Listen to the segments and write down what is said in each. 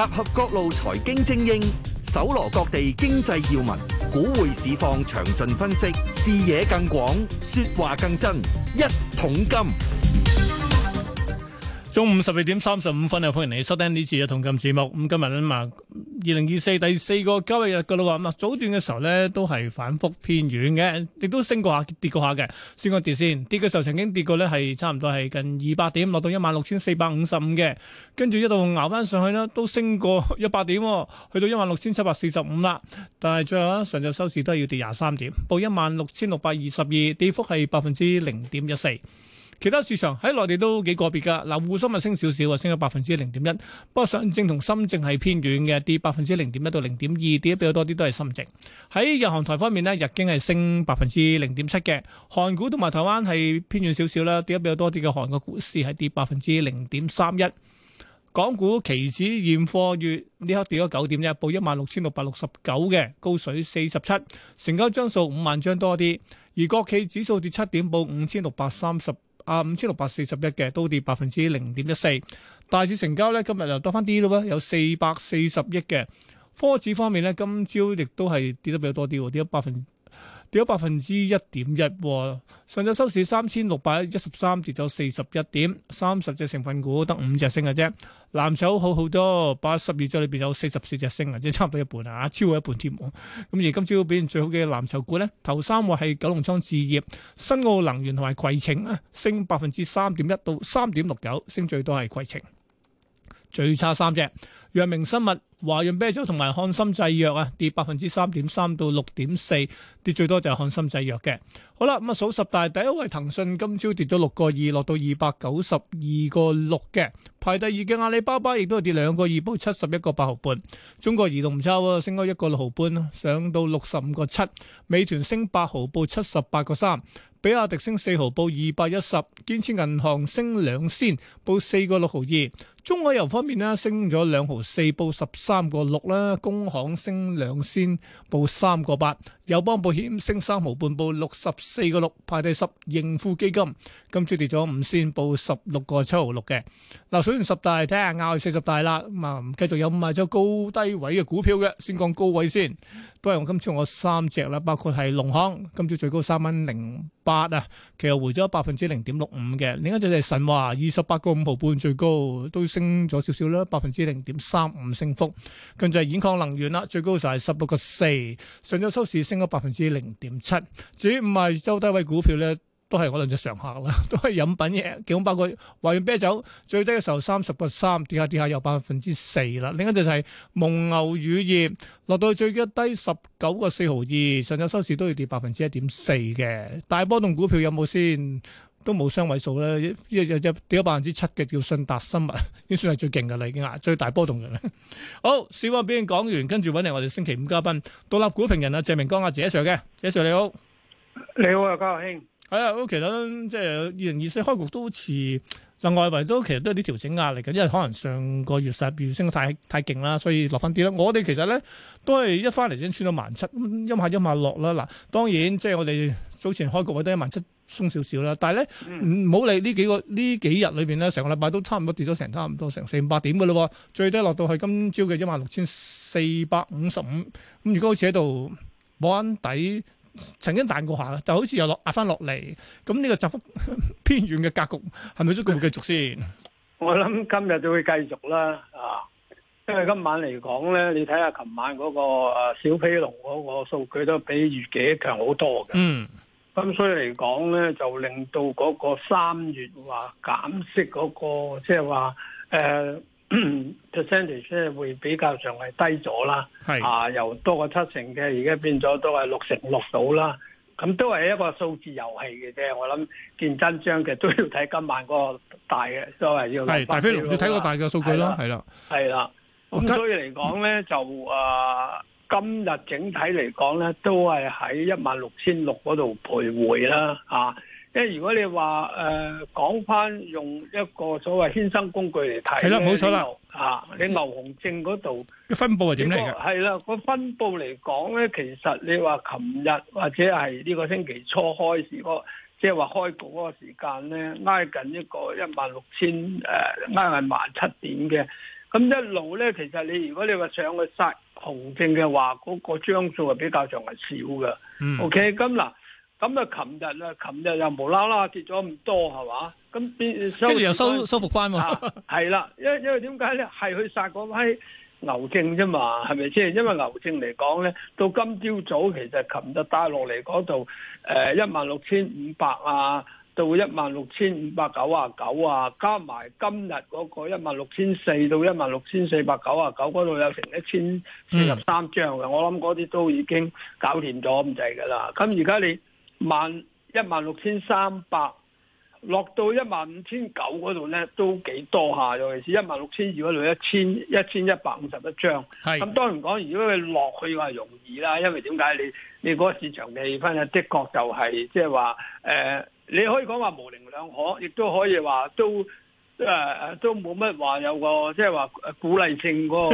集合各路財經精英，搜羅各地經濟要聞，股匯市況詳盡分析，視野更廣，說話更真。一桶金，中午十二點三十五分，又歡迎你收聽呢次嘅一桶金節目。咁今日咧嘛。二零二四第四個交易日嘅咯喎，咁早段嘅時候呢都係反覆偏軟嘅，亦都升過下跌過下嘅。先講跌先，跌嘅時候，曾經跌過呢係差唔多係近二百點落到 16, 一萬六千四百五十五嘅，跟住一路熬翻上去呢都升過一百點，去到一萬六千七百四十五啦。但係最後呢，上晝收市都係要跌廿三點，報一萬六千六百二十二，跌幅係百分之零點一四。其他市場喺內地都幾個別㗎。嗱，滬深係升少少啊，升咗百分之零點一。不過上證同深證係偏軟嘅，跌百分之零點一到零點二，跌得比較多啲，都係深證。喺日韓台方面呢，日經係升百分之零點七嘅，韓股同埋台灣係偏軟少少啦，跌得比較多啲嘅韓國股市係跌百分之零點三一。港股期指現貨月呢刻跌咗九點一，報一萬六千六百六十九嘅高水四十七，成交張數五萬張多啲。而國企指數跌七點，報五千六百三十。啊五千六百四十一嘅都跌百分之零點一四，大市成交咧今日又多返啲咯，有四百四十億嘅。科指方面咧，今朝亦都係跌得比較多啲，跌咗百分。跌咗百分之一點一，上晝收市三千六百一十三，跌咗四十一點，三十隻成分股得五隻升嘅啫。藍籌好好多，八十二隻裏邊有四十四隻升，即係差唔多一半啊，超過一半添。咁而今朝表現最好嘅藍籌股呢，頭三位係九龍倉置業、新奧能源同埋攜程啊，升百分之三點一到三點六九，升最多係攜程，最差三隻。藥明生物、華潤啤酒同埋漢森製藥啊，跌百分之三點三到六點四，跌最多就係漢森製藥嘅。好啦，咁啊數十大第一位騰訊今朝跌咗六個二，落到二百九十二個六嘅。排第二嘅阿里巴巴亦都係跌兩個二，報七十一個八毫半。中國移動唔差喎，升咗一個六毫半，上到六十五個七。美團升八毫，報七十八個三。比亞迪升四毫，報二百一十。建設銀行升兩仙，報四個六毫二。中海油方面咧，升咗兩毫。四報十三個六啦，工行升兩先報三個八。友邦保險升三毫半，報六十四個六，派第十應付基金。今朝跌咗五仙，報十六個七毫六嘅。嗱，上完十大，睇下拗四十大啦。咁啊，繼續有賣咗高低位嘅股票嘅，先講高位先。都係我今朝我三隻啦，包括係農行，今朝最高三蚊零八啊，其實回咗百分之零點六五嘅。另一隻就係神華，二十八個五毫半最高，都升咗少少啦，百分之零點三五升幅。跟住係兗礦能源啦，最高就係十六個四，上晝收市升。應該百分之零點七。至於五十周低位股票咧，都係我兩隻常客啦，都係飲品嘅，其中包括華潤啤酒，最低嘅時候三十個三，跌下跌下又百分之四啦。另一隻就係蒙牛乳業，落到最低十九個四毫二，上週收市都要跌百分之一點四嘅。大波動股票有冇先？都冇雙位數咧，一有隻跌咗百分之七嘅叫信達生物，已經算係最勁噶啦，已經啊，最大波動嘅啦。好，小話俾你講完，跟住揾嚟我哋星期五嘉賓獨立股評人啊，謝明光啊，謝 Sir 嘅，謝 Sir 你好，你好啊，嘉樂兄，係啊，好，其實即係、嗯、二零二四開局都好似，就外圍都其實都有啲調整壓力嘅，因為可能上個月實表現升得太太勁啦，所以落翻啲啦。我哋其實咧都係一翻嚟已先穿到萬七、嗯，陰下一馬一馬下落啦。嗱，當然即係我哋早前開局我都一萬七。鬆少少啦，但係咧唔好理呢幾個呢幾日裏邊咧，成個禮拜都差唔多跌咗成差唔多成四五百點嘅咯，最低落到去今朝嘅一萬六千四百五十五，咁如果好似喺度摸緊底，曾經彈過下，就好似又落壓翻落嚟，咁呢個窄幅偏遠嘅格局係咪都繼續繼續先？我諗今日就會繼續啦，啊，因為今晚嚟講咧，你睇下琴晚嗰個小皮龍嗰個數據都比預期強好多嘅。咁所以嚟講咧，就令到嗰個三月話減息嗰、嗰個，即係話誒 percentage 會比較上係低咗啦。是啊，由多過七成嘅，而家變咗都係六成六到啦。咁都係一個數字遊戲嘅啫。我諗見真章嘅都要睇今晚個大嘅，所以要大非農要睇個大嘅數據咯。係啦，係啦。咁所以嚟講咧，就、嗯啊今日整體嚟講呢都係喺一萬六千六嗰度徘徊啦，啊、如果你話誒講返，呃、用一個所謂衍生工具嚟睇，係啦，冇錯啦，啊，嗯、你牛熊證嗰度分佈係點嚟嘅？係啦、這個，這個分佈嚟講呢其實你話琴日或者係呢個星期初開始嗰，即係話開局嗰個時間呢，挨近一個一萬六千誒，挨近萬七點嘅。咁一路咧，其實你如果你話上去殺紅證嘅話，嗰、嗰個張數係比較上係少嘅。O K，咁嗱，咁、okay? 啊，琴日咧，琴日又無啦啦跌咗咁多係嘛？咁跟住又收收復翻喎。係啦，因為因為點解咧？係去殺嗰批牛證啫嘛，係咪先？因為牛證嚟講咧，到今朝早早其實琴日帶落嚟嗰度，誒一萬六千五百啊。到一萬六千五百九啊九啊，加埋今日嗰個一萬六千四到一萬六千四百九啊九嗰度有成一千四十三張嘅，嗯、我諗嗰啲都已經搞掂咗咁滯㗎啦。咁而家你萬一萬六千三百落到一萬五千九嗰度咧，都幾多下、啊？尤其是一萬六千二嗰度一千一千一百五十一張。咁是當然講，如果佢落去嘅話，容易啦。因為點解你你嗰個市場氣氛啊，的確就係即係話誒你可以講話模棱兩可，亦都可以話都誒誒都冇乜話有個即係話鼓勵性個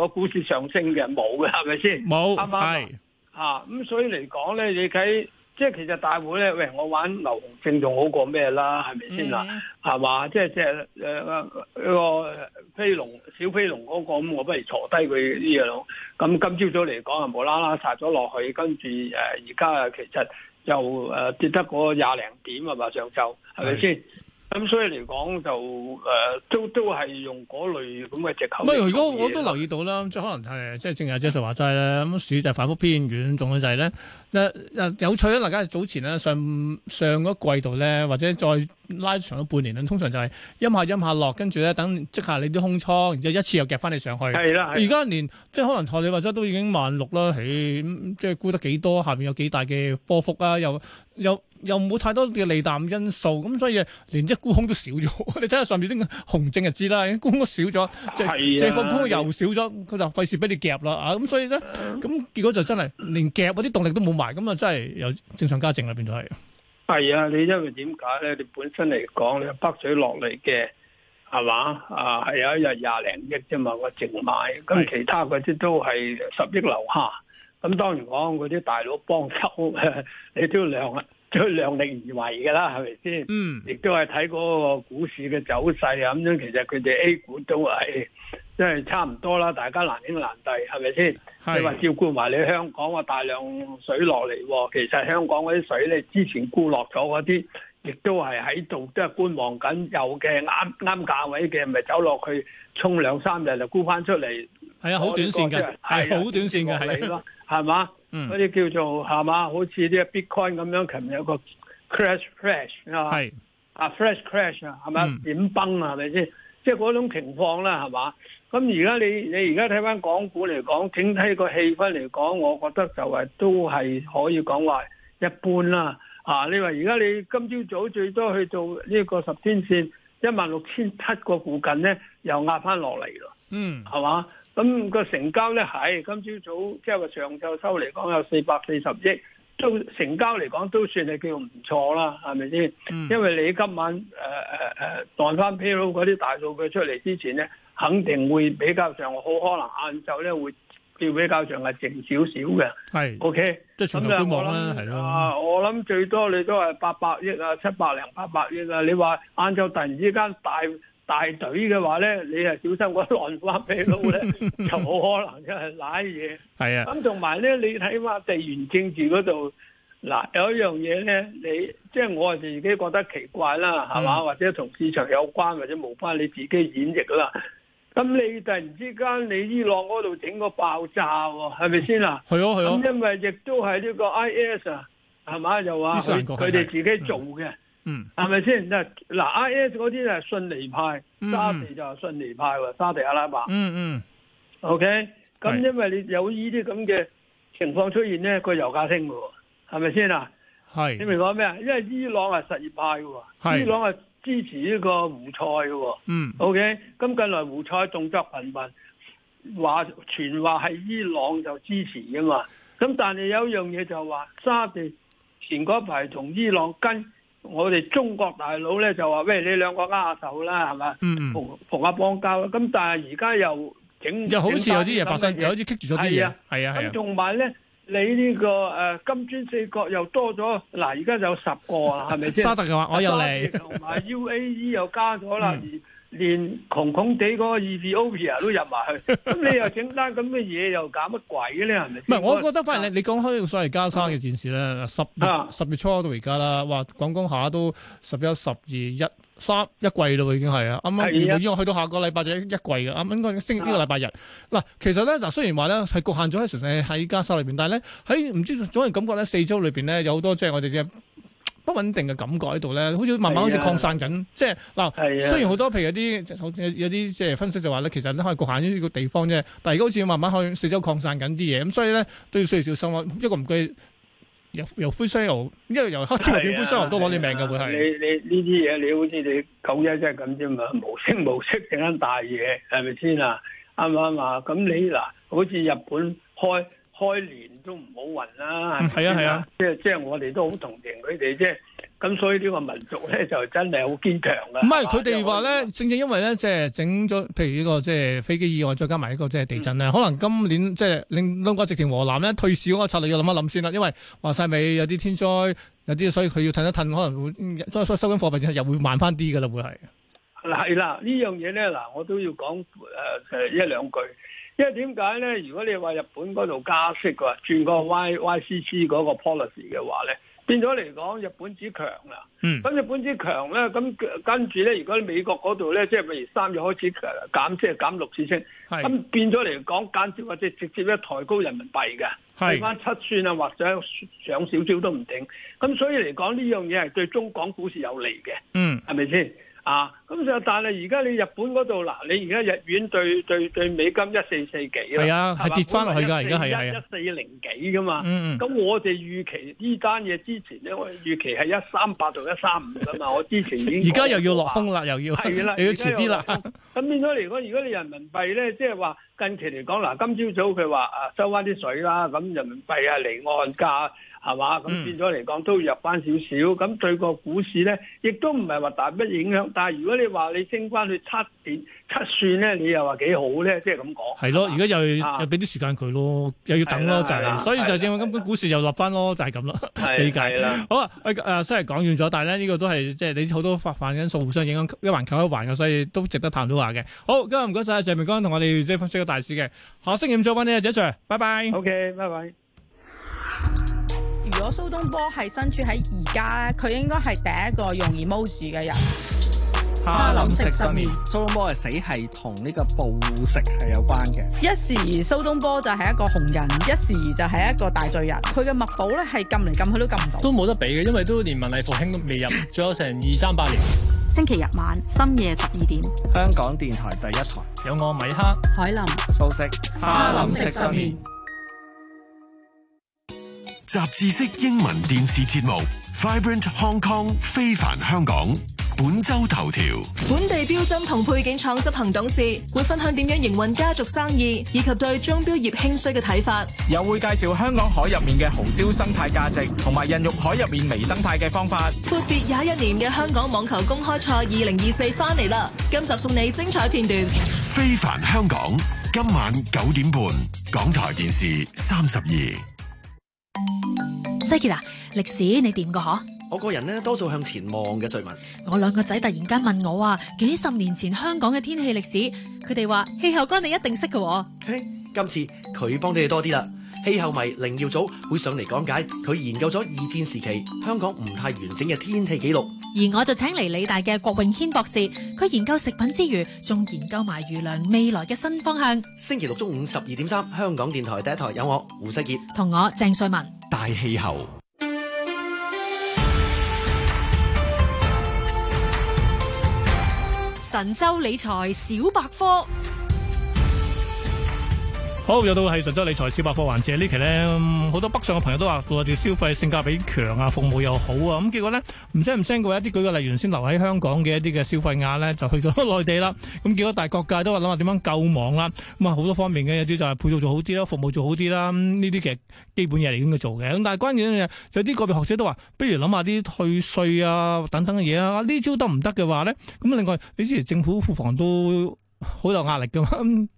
個股市上升嘅冇嘅係咪先？冇係吓。咁所以嚟講咧，你睇即係其實大戶咧，喂我玩流動性仲好過咩啦？係咪先啦？係嘛？即係即係呢個飛龍小飛龍嗰個咁，我不如坐低佢呢樣，咁今朝早嚟講啊，無啦啦殺咗落去，跟住誒而家啊，其實。又誒跌得個廿零點啊，嘛上晝係咪先？係。咁所以嚟講就誒、呃、都都係用嗰類咁嘅藉口。唔，如果我，我都留意到啦，即可能係即係正亞姐，姐說話說就話齋啦，咁市就反覆偏軟，重點就係咧，誒、呃、有趣啦，大家早前咧，上上嗰季度咧，或者再拉長咗半年咧，通常就係陰下陰下落，跟住咧等即下你啲空倉，然之後一次又夾翻你上去。係啦的，而家連的即係可能台你話齋都已經萬六啦，起即係估得幾多？下面有幾大嘅波幅啊又～又又冇太多嘅利淡因素，咁所以連隻沽空都少咗。你睇下上面啲紅證就知啦，沽空都少咗，借、啊、借貨沽又少咗，佢就費事俾你夾啦啊！咁所以咧，咁結果就真係連夾嗰啲動力都冇埋，咁啊真係有正常家政啦，變咗係。係啊，你因為點解咧？你本身嚟講，你北水落嚟嘅係嘛啊？係有一日廿零億啫嘛，我淨買，咁其他嗰啲都係十億樓下。咁當然講嗰啲大佬幫手、啊、你都要量啊，都要量力而為㗎啦，係咪先？嗯，亦都係睇嗰個股市嘅走勢啊。咁樣其實佢哋 A 股都係，即係差唔多啦。大家難兄難弟係咪先？的你話照顧埋你香港，話大量水落嚟，其實香港嗰啲水咧，之前沽落咗嗰啲，亦都係喺度都係觀望緊，有嘅啱啱價位嘅，咪走落去衝兩三日，就沽翻出嚟。係啊，好短線嘅，係好短線嘅，係咯，係嘛？嗰啲叫做係嘛？好似呢個 bitcoin 咁樣，琴日有個 crash crash 係嘛？啊，flash crash 啊，係嘛？點崩啊？係咪先？即係嗰種情況啦，係嘛？咁而家你你而家睇翻港股嚟講，整體個氣氛嚟講，我覺得就係、是、都係可以講話一般啦。啊，你話而家你今朝早,早最多去到呢個十天線一萬六千七個附近咧，又壓翻落嚟咯。嗯，係嘛？咁個成交咧係今朝早，早即係個上晝收嚟講有四百四十億，都成交嚟講都算係叫唔錯啦，係咪先？嗯、因為你今晚誒誒誒彈返 payroll 嗰啲大數據出嚟之前咧，肯定會比較上好，可能晏晝咧會叫比較上係靜少少嘅。係是，OK，即係咁球觀啦，係咯。的啊，我諗最多你都係八百億啊，七百零八百億啊，你話晏晝突然之間大？大隊嘅話咧，你係小心嗰啲浪花飛佬咧， 就冇可能真係瀨嘢。係啊，咁同埋咧，你睇翻地緣政治嗰度，嗱，有一樣嘢咧，你即係我啊自己覺得奇怪啦，係嘛、嗯，或者同市場有關，或者冇關你自己演繹啦。咁你突然之間，你伊朗嗰度整個爆炸，係咪先啦？係咯係咯，啊、因為亦都係呢個 I S 啊，係嘛，又話佢哋自己做嘅。嗯嗯，係咪先？即係嗱，I S 嗰啲就係遜尼派，嗯、沙地就係遜尼派喎，沙地阿拉伯。嗯嗯，O K，咁因為你有呢啲咁嘅情況出現咧，個油價升嘅，係咪先啊？係是，你明講咩啊？因為伊朗係什葉派嘅，是伊朗係支持呢個胡塞嘅。嗯，O K，咁近來胡塞動作頻頻，話傳話係伊朗就支持嘅嘛。咁但係有一樣嘢就係話沙地前嗰一排同伊朗跟。我哋中國大佬咧就話，喂，你兩個握手啦，係咪？嗯，逢逢下邦交。咁但係而家又整，又好似有啲嘢發生，又樣好似棘住咗啲嘢。係啊，係啊，咁同埋咧，你呢、呢個誒、呃、金磚四國又多咗，嗱，而家就有十個啊，係咪？沙特嘅話，我又嚟，同埋 UAE 又加咗啦。嗯連窮窮哋嗰個 EBOA 都入埋去，咁 你又整單咁嘅嘢又搞乜鬼嘅呢人哋？唔係，我覺得反而你、啊、你講開所謂加沙嘅戰事咧，十月十月初到而家啦，話講講下都十一、十二、一三一季咯喎，已經係啊，啱啱原本去到下個禮拜就一,一季嘅，啱啱應該升呢個禮拜日。嗱、啊，啊、其實咧，嗱雖然話咧係局限咗喺純粹喺加沙裏邊，但係咧喺唔知總係感覺咧四周裏邊咧有好多即係、就是、我哋嘅。不穩定嘅感覺喺度咧，好似慢慢好似擴散緊，是啊、即係嗱，是啊、雖然好多譬如有啲有有啲即係分析就話咧，其實你可以局限於呢個地方啫，但係如果好似慢慢可以四周擴散緊啲嘢，咁所以咧都要需要小心咯。一個唔該，由由灰犀牛，因為由黑天鵝變灰犀牛都攞你命嘅，會係你你呢啲嘢，你好似你狗一即係咁啫嘛，無聲無息整緊大嘢，係咪先啊？啱唔啱啊？咁你嗱，好似日本開。開年都唔好運啦，係啊係啊，即係即係我哋都好同情佢哋，即係咁，所以呢個民族咧就真係好堅強噶。唔係佢哋話咧，正正因為咧，即係整咗，譬如呢、這個即係、就是、飛機意外，再加埋呢、這個即係地震咧，嗯、可能今年即係令中國直情河南咧退市嗰個策略要諗一諗先啦。因為話晒尾有啲天災，有啲所以佢要褪一褪，可能會都、嗯、收緊貨幣，又會慢翻啲噶啦，會係。嗱係啦，這個、呢樣嘢咧，嗱我都要講誒誒一兩句。因為點解咧？如果你話日本嗰度加息嘅，轉個 Y YCC 嗰個 policy 嘅話咧，變咗嚟講日本之強啦。嗯，咁日本之強咧，咁跟住咧，如果喺美國嗰度咧，即係譬如三月開始強減，即係減六次升，咁是變咗嚟講間接或者直接咧抬高人民幣嘅，係翻是七算啊，或者上少少都唔定。咁所以嚟講呢樣嘢係對中港股市有利嘅。嗯，係咪先？啊！咁就但係而家你日本嗰度嗱，你而家日元兌兌兌美金一四四幾啊？係吧啊，係跌翻落去噶，而家係啊，一四零幾噶嘛。咁、嗯嗯、我哋預期呢單嘢之前咧，我預期係一三八到一三五噶嘛。我之前已經而家又要落空啦，又要係啦，又要遲啲啦。咁變咗嚟講， 如果你人民幣咧，即係話。近期嚟講，嗱，今朝早佢話啊，收翻啲水啦，咁人民幣啊，離岸價係嘛，咁變咗嚟講都入翻少少，咁對個股市咧，亦都唔係話大乜影響。但係如果你話你升翻去七點七算咧，你又話幾好咧？即係咁講。係咯，而家又、啊、又俾啲時間佢咯，又要等咯，就係、是。所以就正話，根本股市又落翻咯，就係咁啦。係係啦。解好啊，誒、呃，雖然講完咗，但係咧呢個都係即係你好多發散因素互相影響一環扣一環嘅，所以都值得探討下嘅。好，今日唔該曬謝，謝明光同我哋即係分析。大事嘅，下星期五再揾你啊 J sir 拜拜。OK，拜拜。如果蘇東坡係身處喺而家，佢應該係第一個容易踎住嘅人。他吝哈林 食十，心面，蘇東坡嘅死係同呢個暴食係有關嘅。一時蘇東坡就係一個紅人，一時就係一個大罪人。佢嘅墨寶咧係撳嚟撳去都撳唔到。都冇得比嘅，因為都連文藝復興都未入，仲有成二三百年。星期日晚深夜十二點，香港電台第一台。有我米克、海林、素食、哈林食十雜誌式英文電視節目，Vibrant Hong Kong，非凡香港。本周頭條：本地標針同配件廠執行董事會分享點樣營運家族生意，以及對中標業興衰嘅睇法。又會介紹香港海入面嘅紅椒生態價值，同埋孕育海入面微生態嘅方法。闊別廿一年嘅香港網球公開賽二零二四翻嚟啦！今集送你精彩片段。非凡香港今晚九點半，港台電視三十二。西杰啊，歷史你點過嗬？我個人呢多數向前望嘅瑞文。我兩個仔突然間問我話幾十年前香港嘅天氣歷史，佢哋話氣候哥你一定識嘅、哦。嘿，今次佢幫你哋多啲啦。氣候迷凌耀祖會上嚟講解，佢研究咗二戰時期香港唔太完整嘅天氣記錄。而我就請嚟理大嘅郭永軒博士，佢研究食品之餘，仲研究埋漁糧未來嘅新方向。星期六中午十二點三，香港電台第一台有我胡世杰同我鄭瑞文大氣候。神州理財小百科。好，又到係神州理財小百貨環節。期呢期咧好多北上嘅朋友都話內地消費性價比強啊，服務又好啊，咁結果咧唔聲唔聲過一啲舉個例，原先留喺香港嘅一啲嘅消費額咧就去咗內地啦。咁結果，大各界都話諗下點樣救網啦，咁啊好多方面嘅有啲就係配套做好啲啦，服務做好啲啦，呢啲嘅基本嘢嚟咁嘅做嘅。咁但係關鍵嘅有啲個別學者都話，不如諗下啲退稅啊等等嘅嘢啊，呢招得唔得嘅話咧？咁另外你之前政府庫房都。好有壓力噶嘛，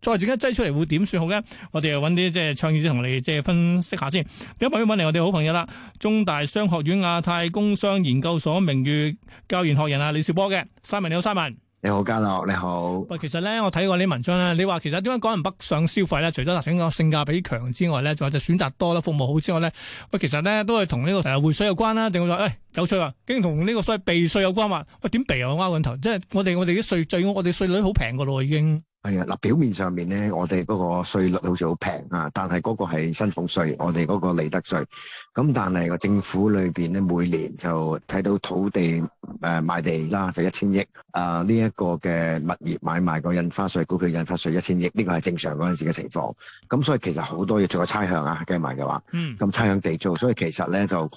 再而一擠出嚟會點算好咧？我哋揾啲即係創意師同你即係分析一下先。今日要揾嚟我哋好朋友啦，中大商學院亞太工商研究所名譽教研學人啊，李兆波嘅，三文你好，三文。你好，家樂你好。喂，其實咧，我睇過你啲文章啦，你話其實點解講人北上消費咧？除咗達成個性價比強之外咧，仲有就選擇多啦，服務好之外咧，喂，其實咧都係同呢個誒匯水有關啦、啊。定會話誒有趣啊，竟然同呢個所謂避稅有關話、啊、喂，點、哎、避啊？我啱個頭，即係我哋我哋啲稅最我哋稅率好平噶咯，已經、啊。係啊，嗱表面上面咧，我哋嗰個稅率好似好平啊，但係嗰個係薪俸稅，我哋嗰個利得稅，咁但係個政府裏邊咧，每年就睇到土地誒、呃、賣地啦，就一千億啊呢一個嘅物業買賣個印花稅，股票印花稅一千億，呢個係正常嗰陣時嘅情況，咁所以其實好多嘢做個差餉啊，計埋嘅話，咁差、嗯、餉地租，所以其實咧就好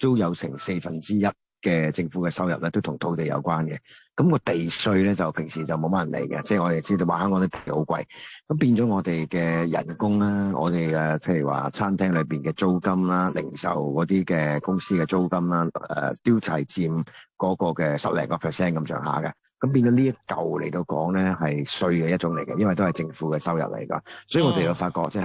都有成四分之一，嘅政府嘅收入咧都同土地有關嘅，咁個地稅咧就平時就冇乜人嚟嘅，即係我哋知道香港啲地好貴，咁變咗我哋嘅人工啦，我哋嘅譬如話餐廳裏邊嘅租金啦、零售嗰啲嘅公司嘅租金啦，誒，丟齊佔嗰個嘅十零個 percent 咁上下嘅，咁變咗呢一嚿嚟到講咧係稅嘅一種嚟嘅，因為都係政府嘅收入嚟㗎，所以我哋又發覺即係。嗯